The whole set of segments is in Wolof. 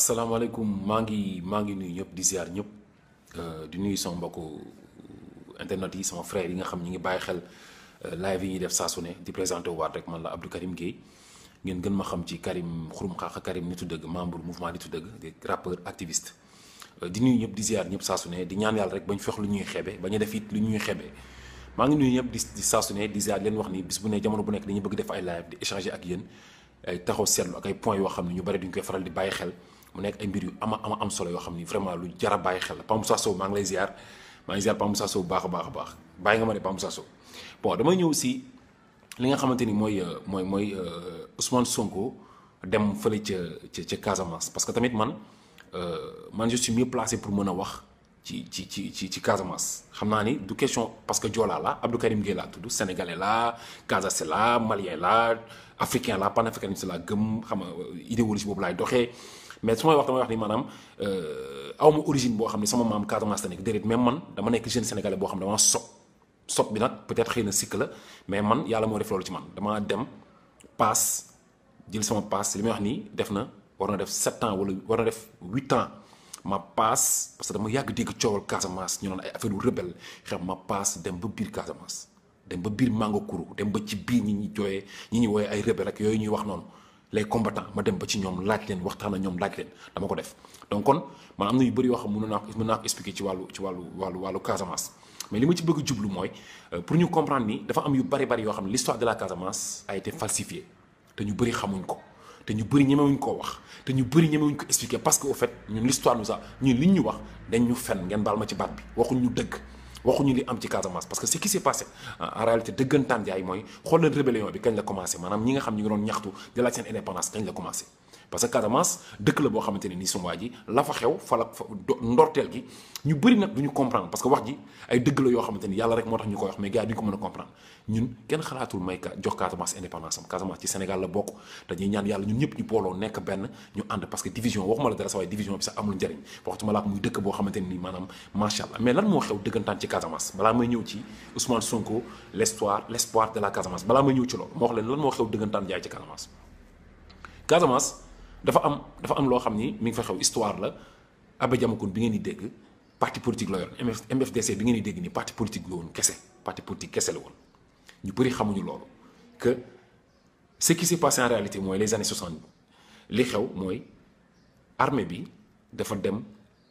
asalaamaaleykum maa ngi maa ngi nuyu ñëpp di ziar ñëpp euh, di nuyu sama mbokku euh, internet yi sama frère yi nga xam ñi ngi bàyyi xel euh, live yi ñuy def saa ne di présenté waat rek man la Abdou Karim ngeen gën ma xam ci Karim xurum xaaxa Karim nitu dëgg membre mouvement dëgg di rappeur activiste. di nuyu ñëpp di ziar ñëpp saa ne di ñaan yàlla rek bañ fex lu ñuy xebe bañ a def it lu ñuy xebe maa ngi nuyu ñëpp di saa su ne di leen wax ni bis bu ne jamono bu nekk dañu bëgg def ay live di échanger ak yéen ay taxaw seetlu ak ay points yoo xam ne ñu bari duñ koy faral di bàyyi xel. mu nekk ay mbir yu ama ama am solo yoo xam ni vraiment lu jar a bàyyi xel la Pape Moussa Sow maa ngi lay ziar maa ngi ziar a baax a baax bàyyi nga ma ne Pape Moussa Sow damay ñëw si li nga xamante ni mooy euh, mooy mooy euh, Ousmane Sonko dem fële ca ca ca parce que tamit man euh, man je suis mieux pour mën a wax ci ci ci ci ci Casamance xam naa ni du question parce que Joola la Abdou Karim Gueye laa tudd sénégalais la Casase la malien la africain la panafricaniste la gëm xam nga idéologie boobu laay doxee. mais su may wax dama wax ni maanaam euh, aw ma origine boo xam ne sama maam Casamance la nekk déedéet même man dama nekk jeune sénégalais boo xam ne damaa sob sob bi nag peut xëy na sikk la mais man yàlla moo def loolu ci man damaa dem paas jël sama paas li may wax nii def na war na def 7 ans wala war na def 8 ans ma paas parce que dama yàgg dégg coowal Casamance ñu naan ay affaire yu rebelle xam ma paas dem ba biir Casamance dem ba biir Mangokuru dem ba ci biir ñi ñuy jooyee ñi ñuy wooyee ay rebelle yooyu ñuy wax noonu. les combattants ma dem ba ci ñoom laaj leen waxtaan a ñoom laaj leen dama ko def donc kon man am na yu bëri yoo xam mën naa ko mën naa ko expliquer ci wàllu ci wàllu wàllu wàllu Casamance mais li ma ci bëgg jublu mooy euh, pour ñu comprendre ni dafa am yu bëri bari yoo xam ne l'histoire de la Casamance a été falsifiée te ñu bëri xamuñ ko te ñu bëri ñemewuñ koo wax te ñu bëri ñemewuñ ko expliquer parce que au fait ñun l'histoire nous a ñun liñ ñu wax dañ ñu fen ngeen ma ci baat bi waxuñ ñu dëgg waxuñu li am ci Casamance parce que ce qui s'est passé euh, en réalité dëggantaan jaay mooy xool leen rébellion bi kañ la commencé maanaam ñi nga xam ñu ngi doon ñaxtu di seen indépendance kañ la commencé parce que Casamance dëkk la boo xamante ne nii sunu waa ji la fa xew fa fa ndorteel gi ñu bëri nag du ñu comprendre parce que wax ji ay dëgg la yoo xamante ni yàlla rek moo tax ñu koy wax mais a comprendre ñun kenn xalaatul may ka jox Casamance indépendance am Casamance ci Sénégal la bokk dañuy ñaan yàlla ñun ñëpp ñu booloo nekk benn ñu la dara sa waaye division bi sax amul njëriñ waxtuma laa ko muy dëkk boo xamante ne nii maanaam mais lan moo xew dëggantaan ci Casamance balaa may ñëw ci Ousmane Sonko l'histoire l'espoir de la Casamance balaa may ñëw ci loolu moo wax lan moo xew dëggantaan dafa am dafa am loo xam ni mi ngi fa xew histoire la Abbé Diamacoune bi ngeen di dégg parti politique la yor MFDC bi ngeen di dégg ni parti politique la woon kese parti politique kese la woon ñu bëri xamuñu loolu que ce qui s'est passé en réalité mooy les années 60 li xew mooy armée bi dafa dem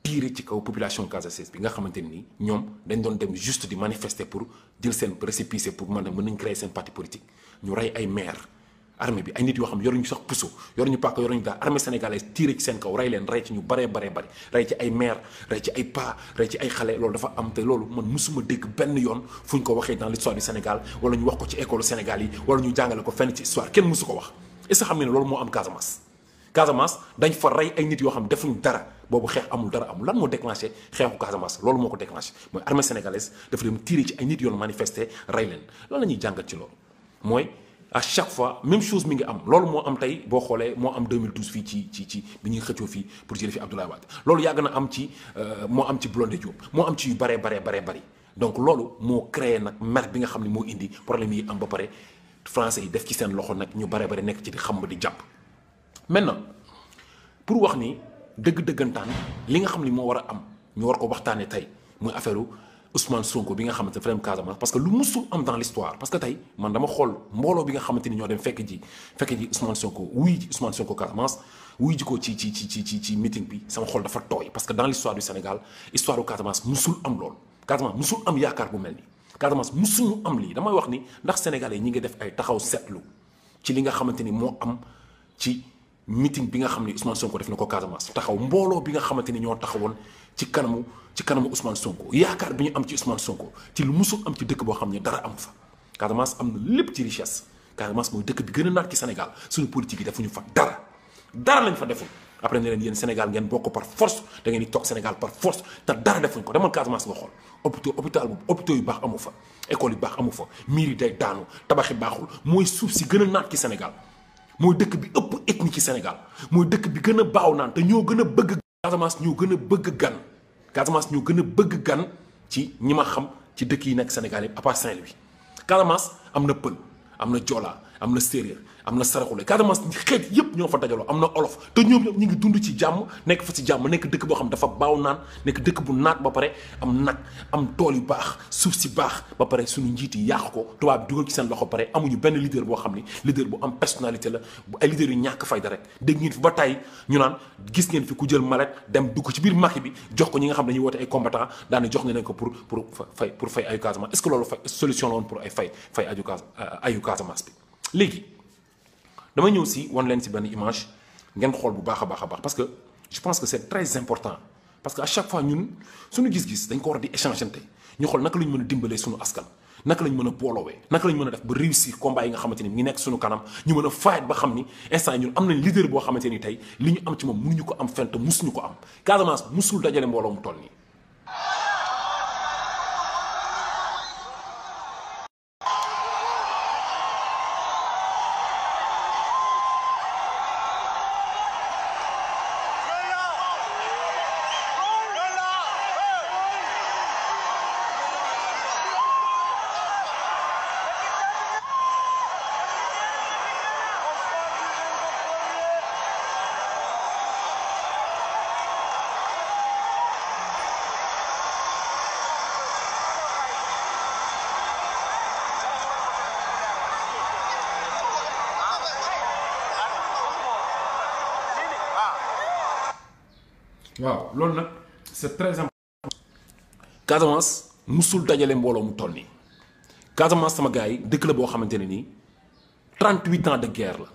tirer ci kaw population Casamançaise bi nga xamante ni ñoom dañ doon dem juste di manifester pour jël seen récépissé pour mën a mën nañ créer seen parti politique ñu rey ay maire armée bi ay nit yoo xam yoruñu sax puso yoruñu paaka yoruñu daal armée sénégalaise tiire ci seen kaw rey leen rey ci ñu baree baree bari rey ci ay maire ay pa ay xale loolu dafa am te loolu man musuma dégg benn yoon fu ko waxee dans l'histoire du Sénégal wala ñu wax ko ci école Sénégal yi wala ñu jàngale ko fenn ci histoire kenn musu ko wax est ne loolu moo am Casamance Casamance dañ fa ay nit yoo xam defuñ dara boobu xeex amul dara amul lan moo déclenché xeexu Casamance loolu moo ko déclenché mooy armée sénégalaise dafa dem tiire ci ay nit yoon manifester rey leen lan la ñuy jàngat ci loolu mooy à chaque fois même chose mi ngi am loolu moo am tey boo xoolee moo am mil 2012 fii ci ci ci bi ñuy xëccoo fii pour jële fi Abdoulaye Wade loolu yàgg na am ci euh, moo am ci Blondé Diop moo am ci yu baree baree baree bëri donc loolu moo créé nag mer bi nga xam ne moo indi problème yi am ba pare français yi def ci seen loxo nag ñu baree bare nekk ci di xam di jàpp. maintenant pour wax ni dëgg dëggantaan li nga xam ni moo war a am ñu war ko waxtaanee tey muy affaire Ousmane Sonko bi nga xamante ne frère Casamance parce que lu musul am dans l'histoire parce que tey man dama xool mbooloo bi nga xamante ni ñoo dem fekk ji fekk ji Ousmane Sonko wuy ji Ousmane Sonko Casamance wuy ji ko ci ci ci ci ci ci meeting bi sama xol dafa tooy parce que dans l'histoire du Sénégal histoire du Casamance musul am lool Casamance musul am yaakaar bu mel nii Casamance musuñu am lii damay wax ni ndax sénégalais ñi ngi def ay taxaw seetlu ci li nga xamante ni moo am ci meeting bi nga xam ne Ousmane Sonko def na ko Casamance taxaw mbooloo bi nga xamante ni ñoo taxawoon ci kanamu ci kanamu Ousmane Sonko yaakaar bi ñu am ci Ousmane Sonko ci lu musul am ci dëkk boo xam ne dara amu fa Casamance am na lépp ci richesse Casamance mooy dëkk gën a naat ci Sénégal suñu politique fa dara dara lañ fa defuñ après ne leen yéen Sénégal ngeen bokk par force da ngeen di toog Sénégal par force te dara defuñ ko demal Casamance nga xool hôpital hôpital boobu hôpitaux yu baax amu fa école yu baax amu fa miir yi day daanu tabaxi baaxul mooy suuf si gën a naat ci Sénégal mooy dëkk bi ëpp ethnie ci Sénégal mooy dëkk bi gën a baaw naan te ñoo gën a bëgg Casamance ñoo gën a bëgg gan Casamance ñoo gën a bëgg gan ci ñi ma xam ci dëkk yi nekk Sénégal yi à part Saint-Louis Casamance am na pël am na joolaa am na séeréer am na saraxule Casamance xeet yëpp ñoo fa dajaloo am na olof te ñoom ñu ngi dund ci jàmm nekk fa ci jàmm nekk dëkk boo xam dafa baaw naan nekk dëkk bu naat ba pare am nag am tool yu baax suuf si baax ba pare suñu njiit yi ko tubaab dugal ci seen loxo pare amuñu benn leader boo xam ni leader bu am personnalité la bu ay leader yu rek ba tey ñu naan gis ngeen fi ku jël malet dem dugg ci biir maki bi jox ko ñi nga xam ne dañuy woote ay combattant daane jox ne ko pour pour fay pour fay ayu Casamance est-ce que loolu fay solution la woon pour ay fay fay euh, ayu Casamance bi léegi damay ñëw si wan leen si benn image ngeen xool bu baax a baax a baax parce que je pense que c' est très important parce que à chaque fois ñun suñu gis-gis dañ ko war di échanger ñu xool naka lañ mën a dimbalee suñu askan naka lañ mën a boolowee naka lañ mën a def ba réussir combat yi nga xamante ni mu ngi nekk suñu kanam ñu mën a faayet ba xam ni instant ñun am nañ leader boo xamante ni tey li ñu am ci moom mënuñu ko am fenn te musuñu ko am Casamance musul dajale mbooloo mu toll nii waaw loolu nag c'est très important. Casamance musul dajale mbooloo mu toll nii Casamance sama gars yi dëkk la boo xamante ne nii 38 ans de guerre la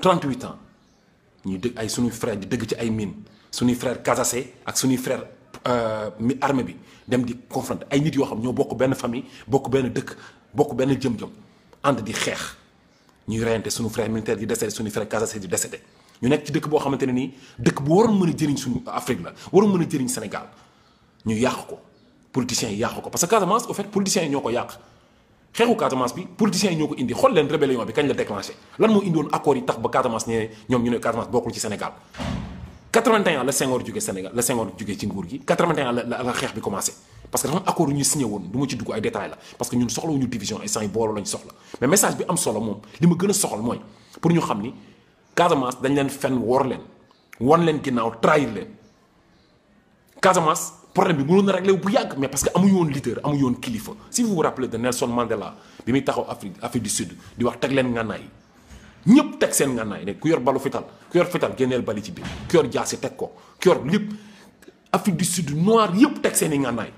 38 ans ñuy dëgg ay suñuy frère di dëgg ci ay mine suñuy frère casacé ak suñuy frère euh, mi armée bi dem di confronter ay nit yoo xam ñoo bokk benn famille bokk benn dëkk bokk benn jëm-jëm ànd di xeex ñuy reyante suñu frère militaire di décédé suñu frère casacé di décédé. ñu nekk ci dëkk boo xamante ne nii dëkk bu waroon mën a jëriñ suñu Afrique la waroon mën a jëriñ Sénégal ñu yàq ko politiciens yi yàq ko parce que Casamance au fait politiciens yi ñoo ko indi xool leen rébellion bi kañ la déclenché lan moo indiwoon accords yi tax ba Casamance ñee ñoom ñu ne Casamance bokkul ci Sénégal 81 la Senghor jógee Sénégal la Senghor jógee ci nguur gi 81 la xeex bi commencé parce que dafa am yu ñu signé woon a Casamance dañ leen fen wor leen won leen ginnaaw trahir leen Casamance problème bi mënoon na réglé bu yàgg mais parce que amuñu woon leader amuñu woon kilifa si vous vous rappelez de Nelson Mandela bi muy taxaw Afrique Afrique du Sud di wax teg leen ngànnaay ñëpp teg seen ngànnaay ne ku yor balu fital ku yor fital génneel ci biir ku yor jaasi teg ko ku yor lépp Afrique yëpp teg seen i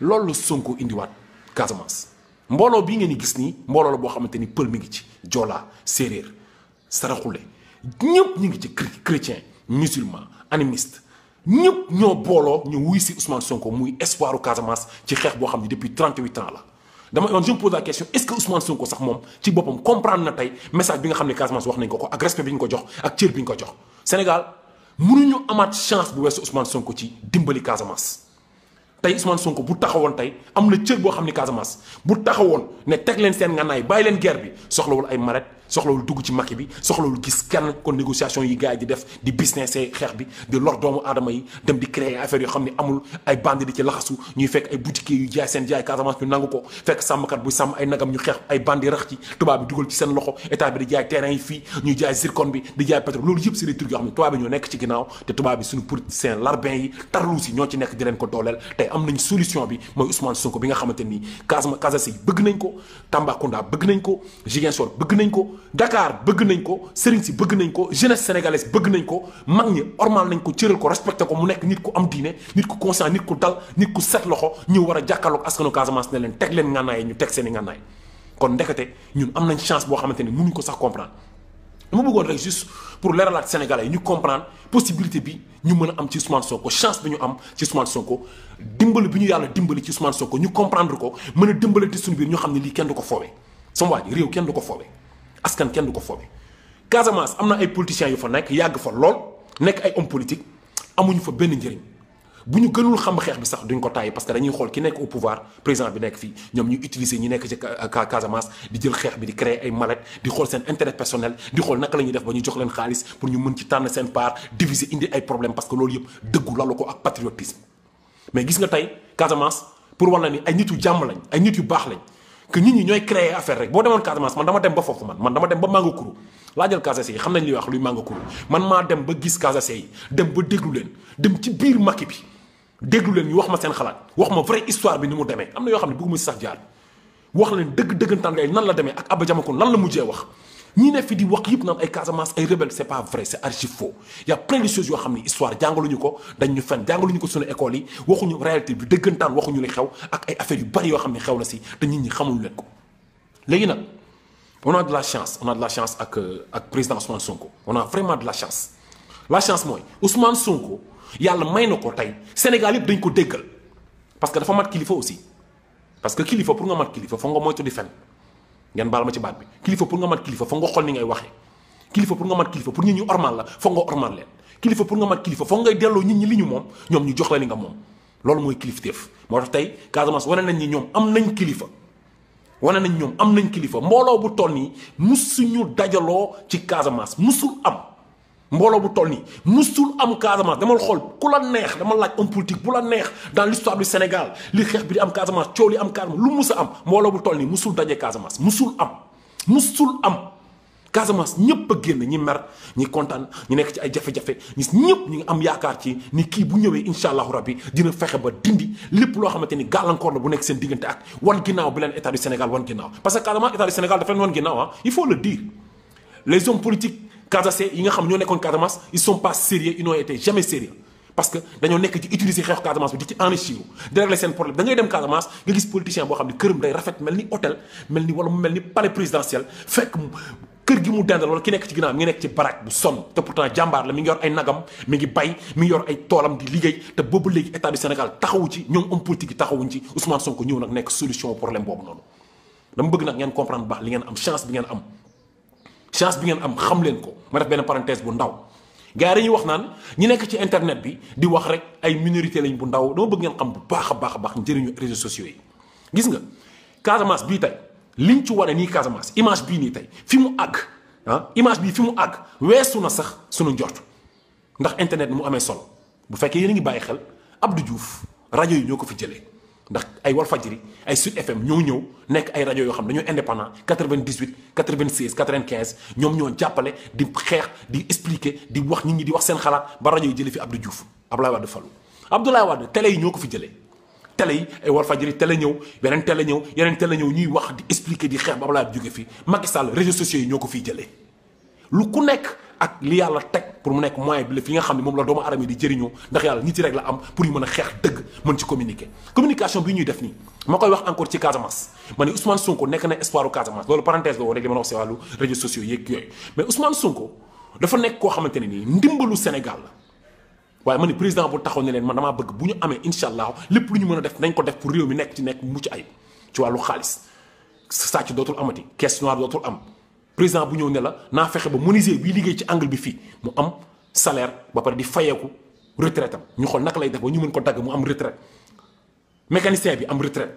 loolu la Sonko indiwaat Casamance. mbooloo bii ngeen di gis nii mbooloo la boo xamante ni pël mi ngi ci Joola séeréer saraxule ñëpp ñu ngi ci chrétien musulman animiste ñëpp ñoo booloo ñu wuy si Ousmane Sonko muy espoiru Casamance ci xeex boo xam ne depuis 38 ans la. dama yoon je me pose la question est-ce que Ousmane Sonko sax moom ci boppam comprendre na tey message bi nga xam ne Casamance wax nañ ko ko ak respect bi ñu ko jox ak cër bi ñu ko jox. Sénégal mënuñu amaat chance bu weesu Ousmane Sonko ci dimbali Casamance tey Ousmane Sonko bu taxawoon tey am na cër boo xam ne Casamance bu taxawoon ne teg leen seen ngànnaay bàyyi leen guerre bi soxlawul ay maret soxlawul dugg ci makki bi soxlawul gis kenn kon négociation yi gars yi di def di businessé xeex bi di lor doomu aadama yi dem di créer affaire yoo xam ne amul ay bandi di ci laxasu ñuy fekk ay boutiquiers yu jaay seen jaay Casamance ñu nangu ko fekk sàmmkat buy sàmm ay nagam ñu xeex ay bandi rax ci tubaab bi dugal ci seen loxo état bi di jaay terrain yi fii ñuy jaay zircon bi di jaay pétrole loolu yëpp c'est des trucs yoo xam ne tubaab bi ñoo nekk ci nekk di leen ko dooleel tey am nañ solution bi mooy Ousmane Sonko bi nga xamante nii Casamance Casa si bëgg nañ ko Tambacounda bëgg nañ ko Ziguinchor bëgg nañ ko dakaar bëgg nañ ko sëriñ si bëgg nañ ko jeunesse sénégalaise bëgg nañ ko mag ñi ormal nañ ko cëral ko respecté ko mu nekk nit ku am diine nit ku conscient nit ku dal nit ku set loxo ñu war a jàkkaarloog askanu Casamance ne leen teg leen ngànnaay ñu teg seen i ngànnaay kon ndekete ñu am nañ chance boo xamante ne mënuñ ko sax comprendre mu bëggoon rek juste pour leeralaat sénégalais yi ñu comprendre possibilité bi ñu mën a am ci Ousmane Sonko chance bi ñu am ci Ousmane Sonko dimbali bi ñu yàlla dimbali ci Ousmane Sonko ñu comprendre ko mën a dimbalante suñu biir ñu xam ne lii kenn du ko foowee sama waa kenn du ko foowee askan kenn du ko foobe Casamance am na ay politiciens yu fa nekk yàgg fa lool nekk ay homme politique amuñu fa benn njëriñ bu ñu gënul xam xeex bi sax duñ ko tàyyi parce que dañuy xool ki nekk au pouvoir président bi nekk fii ñoom ñu utiliser ñi nekk ci Casamance di jël xeex bi di créer ay mallette di xool seen intérêt personnel di xool naka la ñuy def ba ñu jox leen xaalis pour ñu mën ci tànn seen part diviser indi ay problème parce que loolu yëpp dëggu lalu ko ak patriotisme mais nga tey Casamance pour walla ni ay nit jàmm lañ ay nit yu baax lañ que nit ñi ñooy créer affaire rek boo demoon Casamance man dama dem ba foofu man man dama dem ba Mangakuru laa jël Casaase yi xam nañ li wax luy Mangakuru man maa dem ba gis Casaase yi dem ba déglu leen dem ci biir Macky bi déglu leen ñu wax ma seen xalaat wax ma vraie histoire bi ni mu demee am na yoo xam ne bëgguma si sax jaar wax leen dëgg dëggantaan lay nan la demee ak Aba Diamacoune lan la mujjee wax. ñi ne fi di wax yëpp naan ay Casamance ay rebelle c' est pas vrai c' est archi faux y' de choses yoo xam ni histoire jàngaluñu ko dañ ñu fen jàngaluñu ko suñu école yi waxuñu réalité bi dëggantaan waxuñu li xew ak ay affaires yu bari yoo xam ne xew na si te nit ñi xamuñu leen ko. léegi nag on a de la chance on a de la chance ak ak président Ousmane Sonko on a vraiment de la chance la chance mooy yàlla may na ko tey Sénégal yëpp dañ ko déggal parce que dafa mat kilifa aussi parce que kilifa pour nga mat ngeen baal ma ci baat bi kilifa pour nga mat kilifa foog nga xool ni ngay waxee kilifa pour nga mat kilifa pour nit ñu ormal la foog nga ormal leen kilifa pour nga mat kilifa foog ngay delloo nit ñi li ñu moom ñoom ñu jox la li nga moom loolu mooy kilifteef moo tax tey Casamance wane nañ ni ñoom am nañ kilifa wane nañ ñoom am nañ kilifa mbooloo bu toll nii musuñu dajaloo ci Casamance musul am mbooloo bu toll nii musul am Casamance dama xool ku la neex dama laaj homme politique bu la neex dans l'histoire du Sénégal li xeex bi di am Casamance coow li am Casamance lu mus a am mbooloo bu toll nii musul daje Casamance musul am musul am Casamance ñëpp a génn ñi mer ñi kontaan ñi nekk ci ay jafe-jafe ñi ñëpp ñu ngi am yaakaar ci ni kii bu ñëwee incha allahu rabbi dina fexe ba dindi lépp loo xamante ni gàllankoor la bu nekk seen diggante ak wan ginnaaw bi leen état du Sénégal wan ginnaaw parce que Casamance état du Sénégal dafa leen wan Casacé yi nga xam ñoo nekkoon Casamance ils sont pas sérieux ils n'ont été jamais sérieux parce que dañoo nekk ci utiliser xeexu Casamance bi di ci enrichir di régler seen problème da dem Casamance nga gis politicien boo xam ne këram day rafet mel mu mel ni palais présidentiel fekk kër gi mu dendal wala ki nekk ci ginnaaw mi ngi nekk ci baraak bu sonn te pourtant jàmbaar la mi ngi yor ay nagam mi ngi bay mi ngi yor ay toolam di liggéey am chance ko ma def benn parenthèse bu ndaw gars yi dañuy wax naan ñi nekk ci internet bi di wax rek ay minorité lañ bu ndaw dama bëgg ngeen xam bu baax a baax a baax njëriñu réseaux sociaux yi. gis nga Casamance bii tey liñ ci wane nii Casamance image bii nii tey fi mu àgg ah image bii fi mu àgg weesu na sax sunu njort ndax internet mu amee solo bu fekkee yéen ngi bàyyi xel Abdou juuf rajo yi ñoo ko fi jëlee. ndax ay Walfadjri ay Sud FM ñoo ñëw nekk ay rajo yoo xam ne dañoo indépendant 98 96 95 ñoom ñoo jàppale di xeex di expliqué di wax nit ñi di wax seen xalaat ba rajo yi jële fi Abdou Diouf Abdoulaye Wade falu Abdoulaye Wade télé yi ñoo ko fi jëlee télé yi ay Walfadjri télé ñëw beneen télé ñëw yeneen télé ñëw ñuy wax di expliqué di xeex ba Abdoulaye jóge fi Macky Sall réseaux sociaux yi ñoo ko fiy jëlee lu ku nekk. ak li yàlla teg pour mu nekk moyen bi la fi nga xam ne moom la doomu aadama yi di jëriñoo ndax yàlla nit yi rek la am pour ñu mën a xeex dëgg mën ci communiquer communication bi ñuy def nii ma koy wax encore ci Casamance ma ne nekk na espoir u Casamance loolu parenthèse la woon rek li ma wax si wàllu réseaux sociaux yeeg yooyu mais Ousmane Sonko dafa koo xamante ne nii ndimbalu Sénégal waaye ma ne président bu taxaw ne leen man bëgg bu ñu amee incha allah lépp mën a def nañ ko def pour réew mi nekk ci nekk mucc ayib ci wàllu xaalis sàcc dootul amati caisse noire dootul am président bu ñëw ne la naa fexe ba menuisier bi liggéey ci angle bi fii mu am salaire ba pare di fayeeku retraite am ñu xool naka lay def ba ñu mën ko dagg mu am retraite mécanicien bi am retraite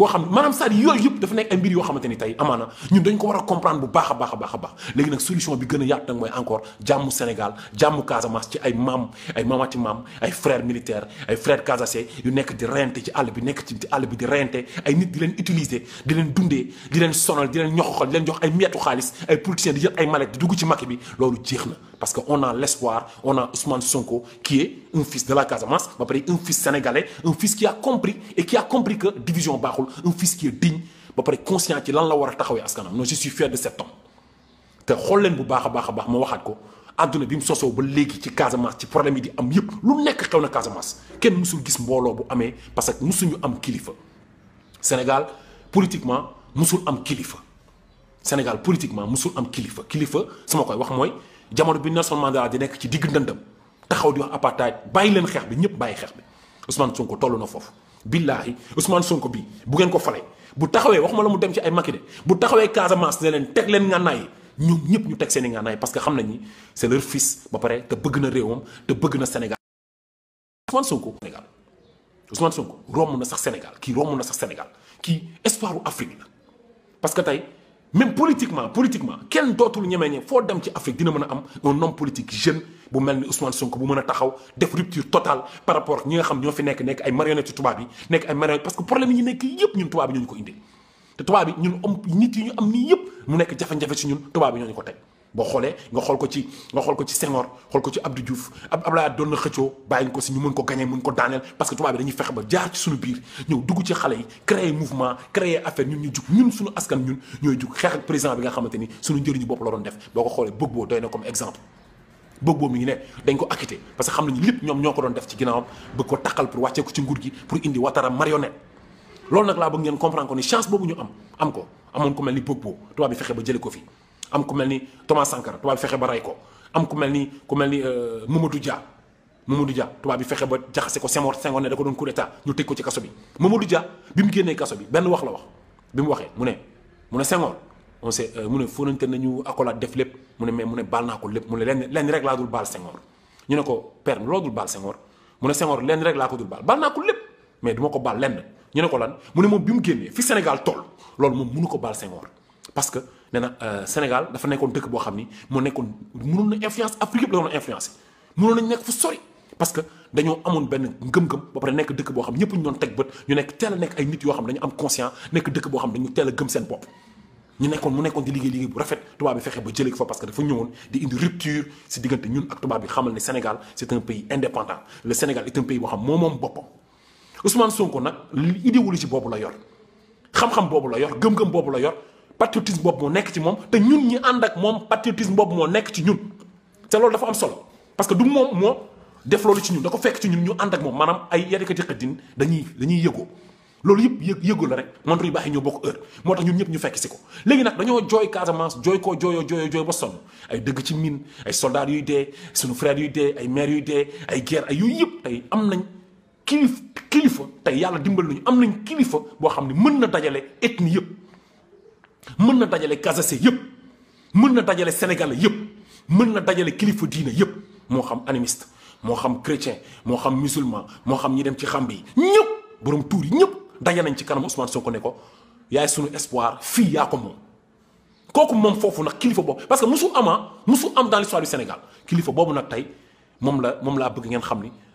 koo xam maanaam saa yooyu yëpp dafa nekk ay mbir yoo xamante ni tey amaana ñun dañ ko war a comprendre bu baax a baax a baax a baax léegi nag solution bi gën a yaatu nag mooy encore jàmmu Sénégal jàmmu Casamance ci ay maam ay maamaati maam ay frères militaires ay frères casacé yu nekk di rente ci àll bi nekk ci àll bi di rente ay nit di leen utiliser di leen dundee di leen sonal di leen ñoxoxal di leen jox ay mietu xaalis ay politiciens di jël ay mallette di dugg ci makki bi loolu jeex na parce que on a l'espoir on a Ousmane Sonko qui e un fils de la Casamance ba pare un fils sénégalais un fils qui a compris et qui a compris que division baaxul un fils qui est digne ba pare conscient ci lan la war a taxawee askanam non je suis fier de cet te xool leen bu baax a baax a baax ma waxaat ko àdduna bi mu sosoo ba léegi ci Casamance ci problème yi di am yëpp lu nekk xew na Casamance kenn musul gis mbooloo bu amee parce que musuñu am kilifa Sénégal politiquement musul am kilifa Sénégal politiquement musul am kilifa kilifa sama koy wax mooy. jamono bi Nelson Mandela di nekk ci digg ndëndam taxaw di wax apartheid bàyyi leen xeex bi ñëpp bàyyi xeex bi Ousmane Sonko toll na foofu. billaahi Ousmane Sonko bi bu ngeen ko falee bu taxawee waxuma la mu dem ci ay makide bu taxawee Casamance ne leen teg leen ngànnaay yi ñoom ñëpp ñu teg seen i parce que xam na ñi c'est leur fils ba pare te bëgg na réewam te bëgg na Sénégal. Ousmane Sonko Sénégal Ousmane Sonko romb na sax Sénégal kii romb na sax Sénégal kii espoiru Afrique parce que tey. même politiquement politiquement kenn dootul ñeme ñe foo dem ci Afrique dina mën a am un homme politique jeune bu mel ni Ousmane Sonko bu mën a taxaw def rupture totale par rapport ñi nga xam ñoo fi nekk nekk ay marionnettes ci tubaab yi nekk ay marionnette parce que problème yi nekk yëpp ñun tubaab ñoo ñu ko indi te tubaab ñun homme nit yi ñu am nii yëpp mu nekk jafe-jafe ci ñun tubaab yi ñoo ñu ko teg. boo xoolee nga xool ko ci nga xool ko ci Senghor xool ko ci Abdou Diouf ab Abdoulaye doon na xëccoo bàyyi ko si ñu mën ko gañee mën ko daaneel parce que tubaab bi dañuy fexe ba jaar ci suñu biir ñëw dugg ci xale yi créer mouvement créer affaire ñun ñu jug ñun suñu askan ñun ñooy jug xeex ak président bi nga xamante ni suñu njëriñu bopp la doon def boo ko xoolee Gbagbo doy na comme exemple Gbagbo mi ngi ne dañ ko acquitté parce que xam nañu lépp ñoom ñoo ko doon def ci ginnaawam bëgg ko takkal pour wàccee ko ci gi pour indi Ouattara marionnette loolu nag laa bëgg ngeen comprendre ko ni chance boobu ñu am am ko amoon fexe ba jële ko fi am ku mel ni Thomas Sankara tubaab bi fexe ba rey ko am ku mel ni ku mel ni euh, Mamadou Dia Mamadou bi fexe ba jaxase ko Senghor Senghor ne da ko doon coup d'état ñu tëj ko ci kaso bi Mamadou Dia mu génnee kaso bi benn wax la wax mu waxee mu ne mu ne Senghor on sait euh, mu ne fóonante nañu accolade def lépp mu ne mais mu ne baal naa ko lépp mu ne lenn lenn rek laa dul baal Senghor ko père loo dul baal Senghor mu ne Senghor lenn rek laa ko dul baal baal naa ko lépp mais du ko baal lenn ñu ne ko lan mu ne moom bi mu génnee fi Sénégal toll loolu moom mënu ko baal Senghor parce nee na euh, Sénégal dafa nekkoon dëkk boo xam ni moo nekkoon mënoon na influence Afrique yëpp la nekk fu sori parce que dañoo amoon benn ngëm-ngëm ba nekk dëkk boo xam ñëpp ñu doon teg bët nekk teel nekk ay nit am conscient nekk dëkk boo xam dañu teel gëm seen bopp ñu ko mu nekkoon di liggéey liggéey bu rafet tubaab bi fexe ba jëlee fa parce que dafa ñëwoon di indi rupture si diggante ñun ak tubaab bi xamal ne Sénégal c'est un pays indépendant le Sénégal est un pays boo xam moo moom nag idéologie boobu la yor xam-xam boobu la yor gëm-gëm boobu la yor patriotisme boobu moo nekk ci moom te ñun ñi ànd ak moom patriotisme boobu moo nekk ci ñun te loolu dafa am solo parce que du moom moo def loolu ci ñun da ko fekk ci ñun ñu ànd ak moom maanaam ay yarikati xëddin dañuy dañuy yëgoo loolu yëpp yëg yëgoo la rek montre yu baax yi ñoo bokk heure moo tax ñun ñëpp ñu fekk si ko léegi nag dañoo jooy Casamance jooy koo jooyoo jooyoo jooy ba sonn ay dëgg ci mine ay soldats yuy dee suñu frères yuy dee ay maires yuy dee ay guerre yooyu yëpp tey am nañ kilif kilifa tey yàlla dimbal nañu am nañ kilifa boo xam ne mën na dajale ethnie yëpp mën na dajale Kasase yëpp mën na dajale sénégalais yëpp mën na dajale kilifa diine yëpp moo xam animiste moo xam chrétien moo xam musulman moo xam ñi dem ci xamb yi ñëpp borom tuur yi ñëpp daje nañ ci kanam Ousmane Sonko ne ko yaay sunu espoir fii yaa ko moom. kooku moom foofu nag kilifa boobu parce que musu ama musu am dans l'histoire Sénégal kilifa boobu nag tey moom la moom laa bëgg ngeen xam ni.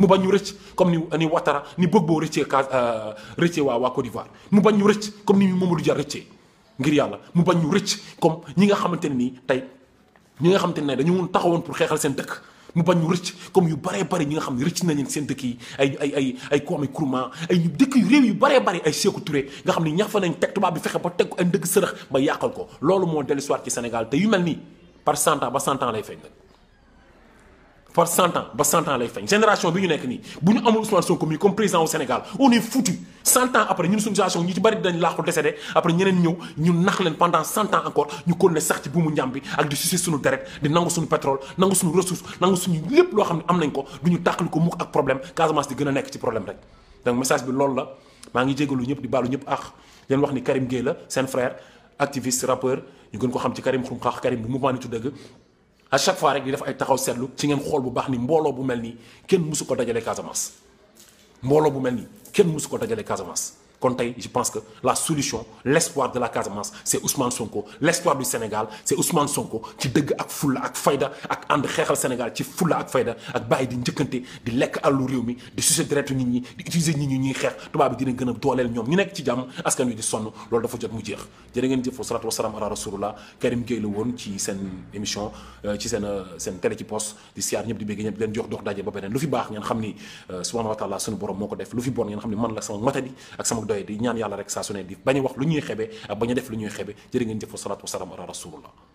mu bañ ñu rëcc comme ni ni Ouattara ni Gbagbo rëccee cas euh, rëccee waa waa Côte d'Ivoire mu bañ ñu rëcc comme ni Mamadou Dia rëccee ngir yàlla mu bañ ñu rëcc comme ñi nga xamante ne nii tey ñi nga xamante ne dañu woon taxawoon pour xeexal seen dëkk mu bañ ñu rëcc comme yu baree bari ñi nga xam ni rëcc nañ leen seen dëkk yi ay ay ay ay Kwame Nkrumah ay dëkk yu réew yu baree bari ay Sékou Touré nga xam ne ñax fa nañ teg tubaab bi fexe ba teg ko ay ndëgg sërëx ba yàqal ko loolu moo dellu ci Sénégal te yu mel nii par cent ba cent lay feeñ nag par cent ans ba cent ans lay feeñ génération bi ñu nekk nii bu ñu amul Ousmane Sonko mii comme président au Sénégal on est foutu cent ans après ñun suñu génération ñu ci bari dañ laaxul décédé après ñeneen ñëw ñu nax leen pendant cent ans encore ñu kon ne sax ci buumu njàm bi ak di sucer suñu deret di nangu suñu pétrole nangu suñu ressource nangu suñu lépp loo xam ne am nañ ko du ñu tàqali ko mukk ak problème Casamance di gën a nekk ci problème rek donc ngi jégalu ñëpp di baalu ñëpp ak leen wax ni Karim Gueye la seen frère activiste à chaque fois rek di def ay taxaw seetlu ci ngeen xool bu baax ni mbooloo bu mel nii kenn mësu ko dajale Casamance mbooloo bu mel nii kenn musu ko dajale Casamance kon tey je pense que la solution l'espoir de la Casamance c'est Ousmane Sonko l'espoir du Sénégal c'est Ousmane Sonko ci dëgg ak fulla ak fayda ak ànd xeexal Sénégal ci fulla ak fayda ak bàyyi di njëkkante di lekk àllu réew mi di sucer deretu ñi ñi ñuy xeex tubaab bi dina gën a dooleel ñoom ñu nekk ci jàmm askan wi di sonn loolu dafa jot mu jeex jërë ngeen jëf wa salaatu wa salaam ala rasulullah Karim Gueye la woon ci seen émission euh, ci seen euh, seen lu fi baax ngeen xam ni euh, subhanahu moo def lu fi bon ngeen xam ni man la sama doy di ñaan yàlla rek saa su ne di bañ a wax lu ñuy xebe ak bañ a def lu ñuy xebe jërë ngeen jëf wa salaatu wa salaam ala rasulullah